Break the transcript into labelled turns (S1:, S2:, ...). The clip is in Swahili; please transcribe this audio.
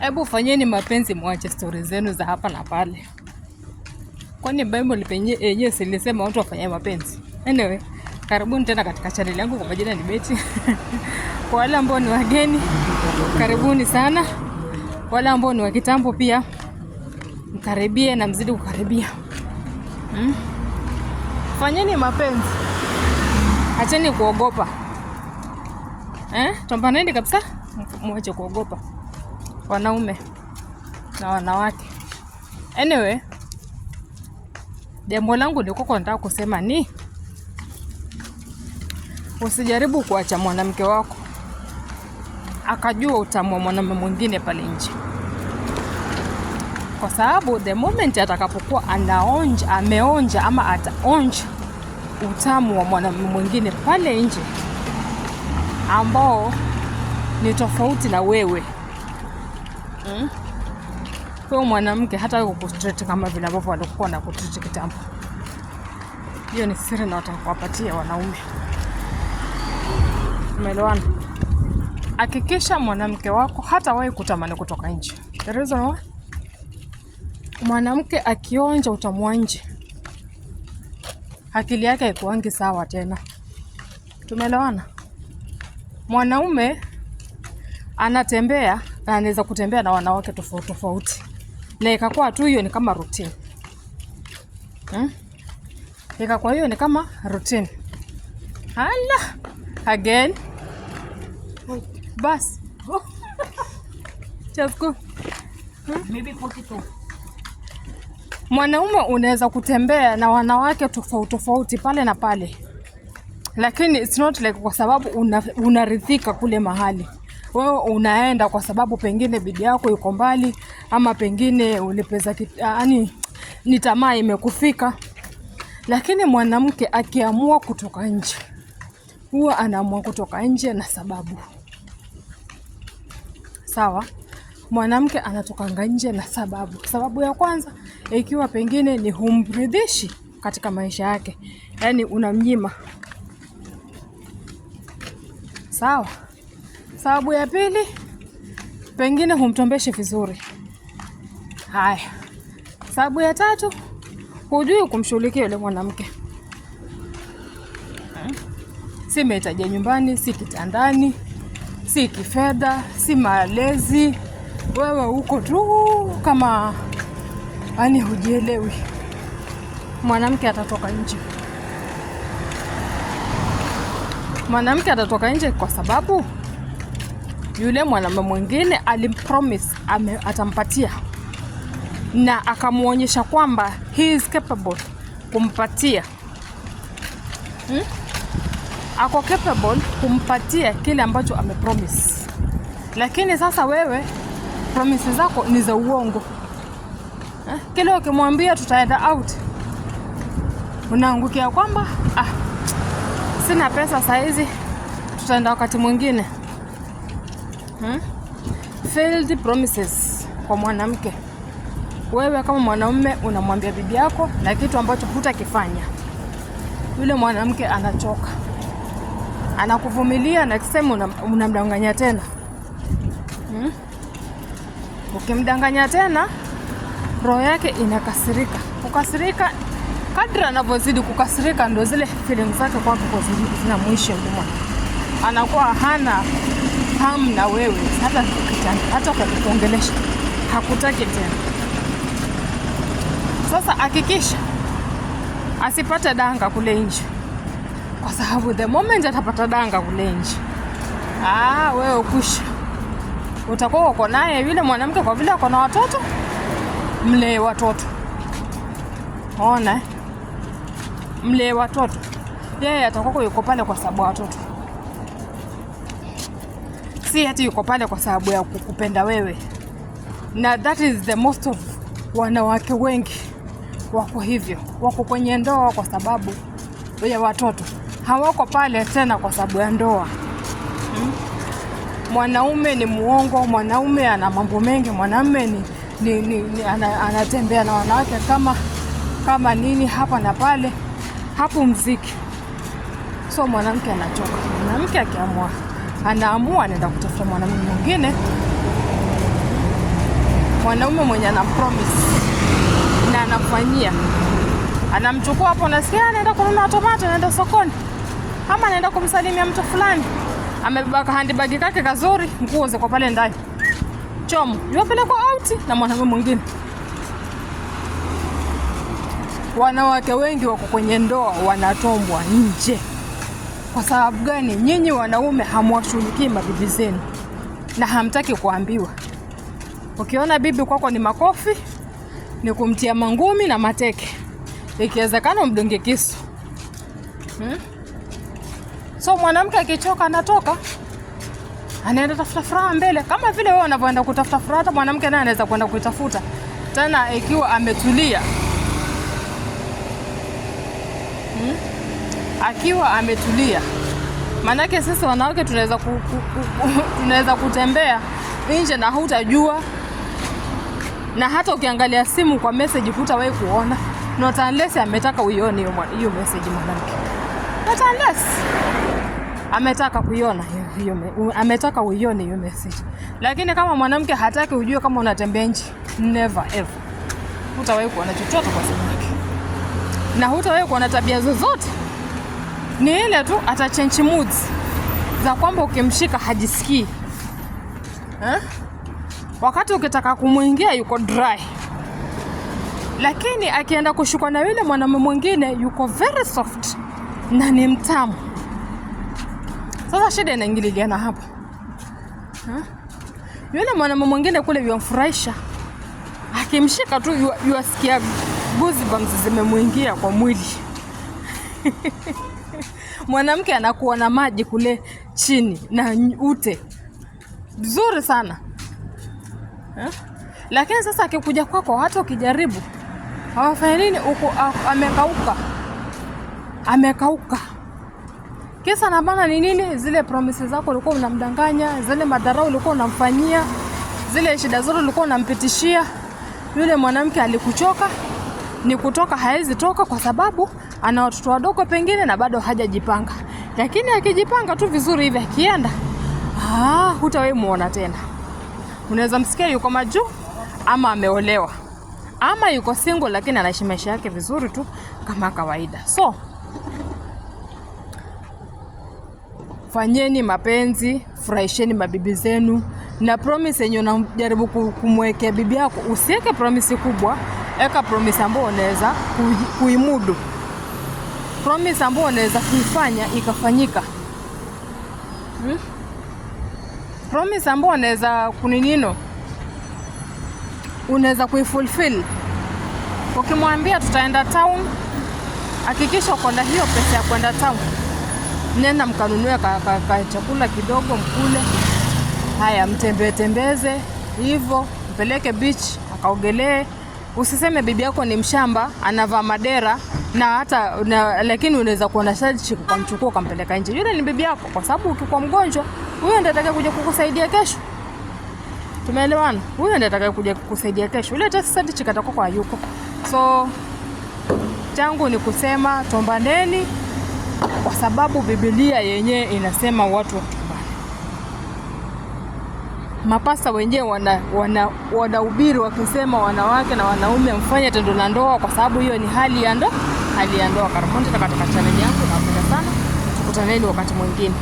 S1: Hebu fanyeni mapenzi, mwache stori zenu za hapa na pale. Kwani Bible yenyewe eh, silisema watu wafanye mapenzi? Anyway, karibuni tena katika channel yangu kwa majina ni Betty. Kwa wale ambao ni wageni, karibuni sana. Wale ambao ni wa kitambo pia mkaribie na mzidi kukaribia. Hmm? Fanyeni mapenzi. Acheni kuogopa. Eh? Tuambaneni kabisa. Mwache kuogopa wanaume na wanawake. Anyway, jambo langu nilikuwa nataka kusema ni usijaribu kuacha mwanamke wako akajua utamu wa mwanaume mwingine pale nje, kwa sababu the moment atakapokuwa anaonja, ameonja ama ataonja utamu wa mwanaume mwingine pale nje ambao ni tofauti na wewe hmm? Kwa mwanamke hata kukutreat kama vile ambavyo walikuwa na kutreat kitambo. Hiyo ni siri na watakuwapatia wanaume. Umeelewana? Hakikisha mwanamke wako hata wahi kutamani kutoka nje. The reason why? Mwanamke akionja utamu wa nje, akili yake haikuangi sawa tena. Tumeelewana? Mwanaume anatembea na anaweza kutembea na wanawake tofauti tofauti, na ikakuwa tu hiyo ni kama routine hmm? Ikakuwa hiyo ni kama routine hala again bas Chasku oh.
S2: hmm?
S1: Mwanaume unaweza kutembea na wanawake tofauti tofauti pale na pale, lakini it's not like kwa sababu unaridhika una kule mahali wewe unaenda kwa sababu pengine bibi yako yuko mbali, ama pengine ulipeza yaani, ni tamaa imekufika. Lakini mwanamke akiamua kutoka nje, huwa anaamua kutoka nje na sababu. Sawa, mwanamke anatokanga nje na sababu. Sababu ya kwanza ikiwa pengine ni humridhishi katika maisha yake, yaani unamnyima. Sawa. Sababu ya pili, pengine humtombeshi vizuri. Haya, sababu ya tatu, hujui kumshughulikia yule mwanamke, hmm? si mahitaji nyumbani, si kitandani, si kifedha, si malezi. Wewe uko tu kama ani hujielewi. Mwanamke atatoka nje, mwanamke atatoka nje kwa sababu yule mwanamume mwingine alimpromise atampatia, na akamwonyesha kwamba he is capable kumpatia hmm? Ako capable kumpatia kile ambacho amepromise, lakini sasa wewe promise zako ni za uongo eh? Kile ukimwambia tutaenda out, unaangukia kwamba ah, sina pesa saizi, tutaenda wakati mwingine hmm? Failed promises kwa mwanamke. Wewe kama mwanaume unamwambia bibi yako na kitu ambacho hutakifanya, yule mwanamke anachoka, anakuvumilia na kisema unamdanganya tena hmm? Ukimdanganya tena roho yake inakasirika. Kukasirika, kadri anavyozidi kukasirika, ndo zile feelings zake kwake zina mwisho, anakuwa hana unafahamu na wewe hata hata ukikuongelesha hakutaki tena. Sasa hakikisha asipate danga kule nje, kwa sababu the moment atapata danga kule nje, ah, wewe ukusha utakuwa uko naye yule mwanamke, kwa vile uko na watoto, mlee watoto. Ona, eh? mlee watoto, yeye atakuwa yuko pale kwa sababu watoto si hati yuko pale kwa sababu ya kukupenda wewe, na that is the most of wanawake wengi wako hivyo, wako kwenye ndoa kwa sababu ya watoto, hawako pale tena kwa sababu ya ndoa hmm? Mwanaume ni muongo, mwanaume ana mambo mengi, mwanaume ni, ni, ni, ni, anatembea na wanawake kama kama nini hapa na pale, hapo mziki. So mwanamke anachoka, mwanamke akiamua anaamua anaenda kutafuta mwanamume mwingine, mwanaume mwenye ana promise na anafanyia anamchukua hapo, nasikia anaenda kununua tomato, anaenda sokoni, ama anaenda kumsalimia mtu fulani, amebeba handbag kake kazuri, nguo ziko pale ndani, chomo yopelekwa out na mwanamume mwingine. Wanawake wengi wako kwenye ndoa wanatombwa nje. Kwa sababu gani nyinyi wanaume hamwashughulikii mabibi zenu na hamtaki kuambiwa? Ukiona bibi kwako ni makofi, ni kumtia mangumi na mateke, ikiwezekana mdunge kisu hmm? So mwanamke akichoka anatoka anaenda tafuta furaha mbele, kama vile wee wanavyoenda kutafuta furaha, hata mwanamke naye anaweza kuenda kuitafuta tena ikiwa ametulia hmm? akiwa ametulia. Maanake sisi wanawake tunaweza ku, ku, ku, tunaweza kutembea nje na hutajua, na hata ukiangalia simu kwa message hutawahi kuona, not unless ametaka uione hiyo message mwanamke, not unless ametaka kuiona hiyo, ametaka uione hiyo message. Lakini kama mwanamke hataki ujue kama unatembea nje, never ever hutawahi kuona chochote kwa simu yake, na hutawahi kuona tabia zozote ni ile tu change moods za kwamba ukimshika hajisikii eh? Wakati ukitaka kumwingia yuko dry, lakini akienda kushikwa na yule mwanamume mwingine yuko very soft na ni mtamu. Sasa shida inaingiliana hapo eh? Yule mwanamume mwingine kule yamfurahisha, akimshika tu yuasikia goosebumps zimemwingia kwa mwili mwanamke anakuwa na maji kule chini na ute vizuri sana eh? Lakini sasa akikuja kwako, hata ukijaribu awafanya nini, uko amekauka, amekauka. Kisa na maana ni nini? Zile promise zako ulikuwa unamdanganya, zile madharau ulikuwa unamfanyia, zile shida zote ulikuwa unampitishia, yule mwanamke alikuchoka ni kutoka, hawezi toka kwa sababu ana watoto wadogo pengine na bado hajajipanga, lakini akijipanga tu vizuri hivi akienda, ah, hutawahi muona tena. Unaweza msikia yuko majuu ama ameolewa ama yuko single, lakini anaishi maisha yake vizuri tu kama kawaida. So fanyeni mapenzi, furahisheni mabibi zenu, na promise yenye unajaribu kumwekea bibi yako usiweke promise kubwa eka promise ambayo unaweza kuimudu, promise ambayo unaweza kuifanya ikafanyika, hmm? promise ambayo unaweza kuninino, unaweza kuifulfill. Ukimwambia tutaenda town, hakikisha uko na hiyo pesa ya kwenda town. Nenda mkanunue ka, ka, ka chakula kidogo mkule, haya mtembee tembeze hivyo, mpeleke beach akaogelee. Usiseme bibi yako ni mshamba anavaa madera na hata na, lakini unaweza kuona shaji kumchukua ukampeleka nje. Yule ni bibi yako, kwa sababu ukikuwa mgonjwa huyo ndiye atakayekuja kukusaidia kesho. Tumeelewana? Huyo ndiye atakayekuja kukusaidia kesho. Yule hata sharti katakuwa kwa yuko. So changu ni kusema tombaneni, kwa sababu Biblia yenyewe inasema watu mapasta wenyewe wana, wana, wana wakisema wanawake na wanaume mfanye tendo la ndoa, kwa sababu hiyo ni hali ya ndoa, hali ya ndoa. Karibuni katika chaneli yangu, napenda sana, tukutaneni wakati mwingine.